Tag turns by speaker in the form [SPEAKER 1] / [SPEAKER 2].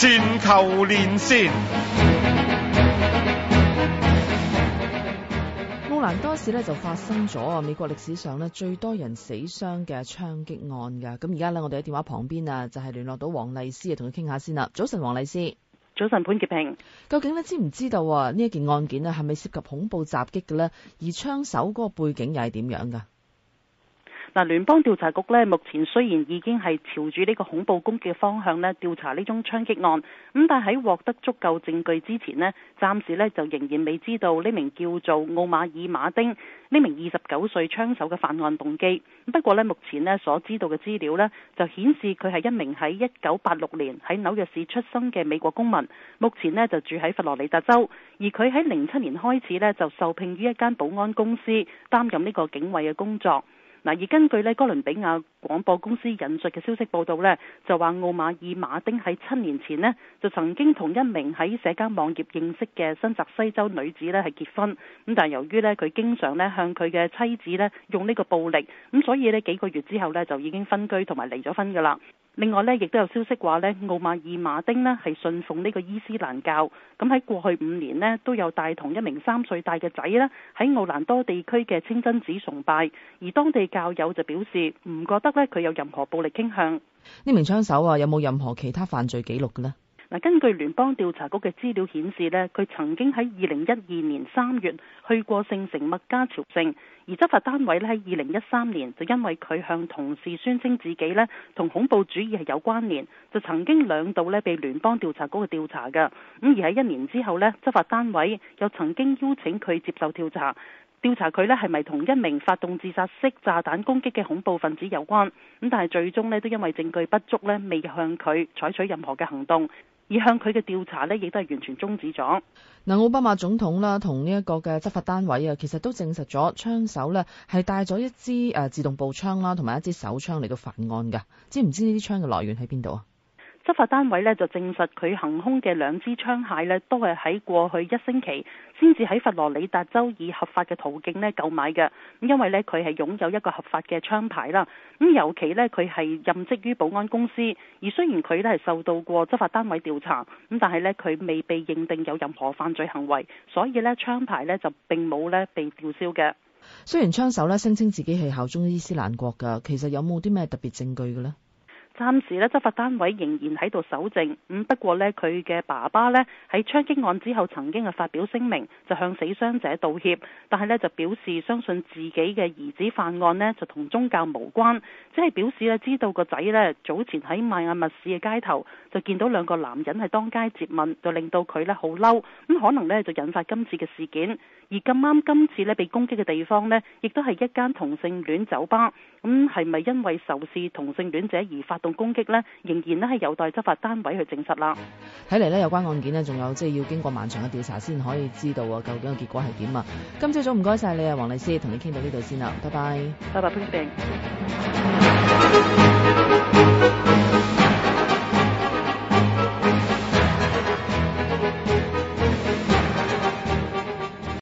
[SPEAKER 1] 全球連線，奧蘭多市就發生咗美國歷史上最多人死傷嘅槍擊案噶。咁而家我哋喺電話旁邊啊，就係聯絡到黃麗施啊，同佢傾下先啦。早晨，黃麗施。早晨，潘潔平。究竟你知唔知道啊？呢一件案件咧，係咪涉及恐怖襲擊嘅呢？而槍手嗰個背景又係點樣噶？嗱，聯邦調查局咧，目前雖然已
[SPEAKER 2] 經係朝住呢個恐怖攻擊嘅方向咧調查呢宗槍擊案，咁但係喺獲得足夠證據之前咧，暫時咧就仍然未知道呢名叫做奧馬爾·馬丁呢名二十九歲槍手嘅犯案動機。不過咧，目前咧所知道嘅資料咧，就顯示佢係一名喺一九八六年喺紐約市出生嘅美國公民，目前咧就住喺佛羅里達州，而佢喺零七年開始咧就受聘於一間保安公司擔任呢個警衛嘅工作。嗱，而根據呢哥倫比亞廣播公司引述嘅消息報導呢就話奧馬爾·馬丁喺七年前呢就曾經同一名喺社交網頁認識嘅新澤西州女子呢係結婚，咁但係由於呢，佢經常呢向佢嘅妻子呢用呢個暴力，咁所以呢幾個月之後呢，就已經分居同埋離咗婚㗎啦。另外呢，亦都有消息話呢奧馬爾馬丁呢係信奉呢個伊斯蘭教，咁喺過去五年呢，都有帶同一名三歲大嘅仔呢喺奧蘭多地區嘅清真寺崇拜，而當地教友就表示唔覺得呢，佢有任何暴力傾
[SPEAKER 1] 向。呢名槍手啊，有冇任何其他犯罪記錄嘅呢？
[SPEAKER 2] 根據聯邦調查局嘅資料顯示，呢佢曾經喺二零一二年三月去過聖城麥加朝聖，而執法單位呢喺二零一三年就因為佢向同事宣稱自己呢同恐怖主義係有關聯，就曾經兩度呢被聯邦調查局嘅調查㗎。咁而喺一年之後呢，執法單位又曾經邀請佢接受調查，調查佢呢係咪同一名發動自殺式炸彈攻擊嘅恐怖分子有關。咁但係最終呢，都因為證據不足呢，未向佢採取任何嘅行動。而向佢嘅調查咧，亦都係完全終止咗。
[SPEAKER 1] 嗱，奧巴馬總統啦，同呢一個嘅執法單位啊，其實都證實咗槍手咧係帶咗一支誒自動步槍啦，同埋一支手槍嚟到犯案㗎。知唔知呢啲槍嘅來源喺邊度啊？
[SPEAKER 2] 執法單位呢就證實佢行凶嘅兩支槍械呢都係喺過去一星期先至喺佛羅里達州以合法嘅途徑呢購買嘅，因為呢，佢係擁有一個合法嘅槍牌啦，咁尤其呢，佢係任職於保安公司，而雖然佢呢係受到過執法單位調查，咁但係呢，佢未被認定有任何犯罪行為，所以呢，槍牌呢就並冇呢被吊銷嘅。
[SPEAKER 1] 雖然槍手呢聲稱自己係效忠伊斯蘭國㗎，其實有冇啲咩特別證據嘅呢？
[SPEAKER 2] 暫時咧，執法單位仍然喺度搜證。咁不過咧，佢嘅爸爸咧喺槍擊案之後曾經啊發表聲明，就向死傷者道歉。但係咧就表示相信自己嘅兒子犯案呢，就同宗教無關，只係表示咧知道個仔呢，早前喺邁阿密市嘅街頭就見到兩個男人係當街接吻，就令到佢呢好嬲。咁可能呢，就引發今次嘅事件。而咁啱今次呢，被攻擊嘅地方呢，亦都係一間同性戀酒吧。咁係咪因為仇視同性戀者而發動？攻擊咧，仍然咧係有待執法單位去證實啦。
[SPEAKER 1] 睇嚟咧，有關案件咧，仲有即係要經過漫長嘅調查先可以知道啊，究竟個結果係點啊？今朝早唔該晒你啊，黃麗施，同你傾到呢度先啦，拜拜，拜拜，peace 拜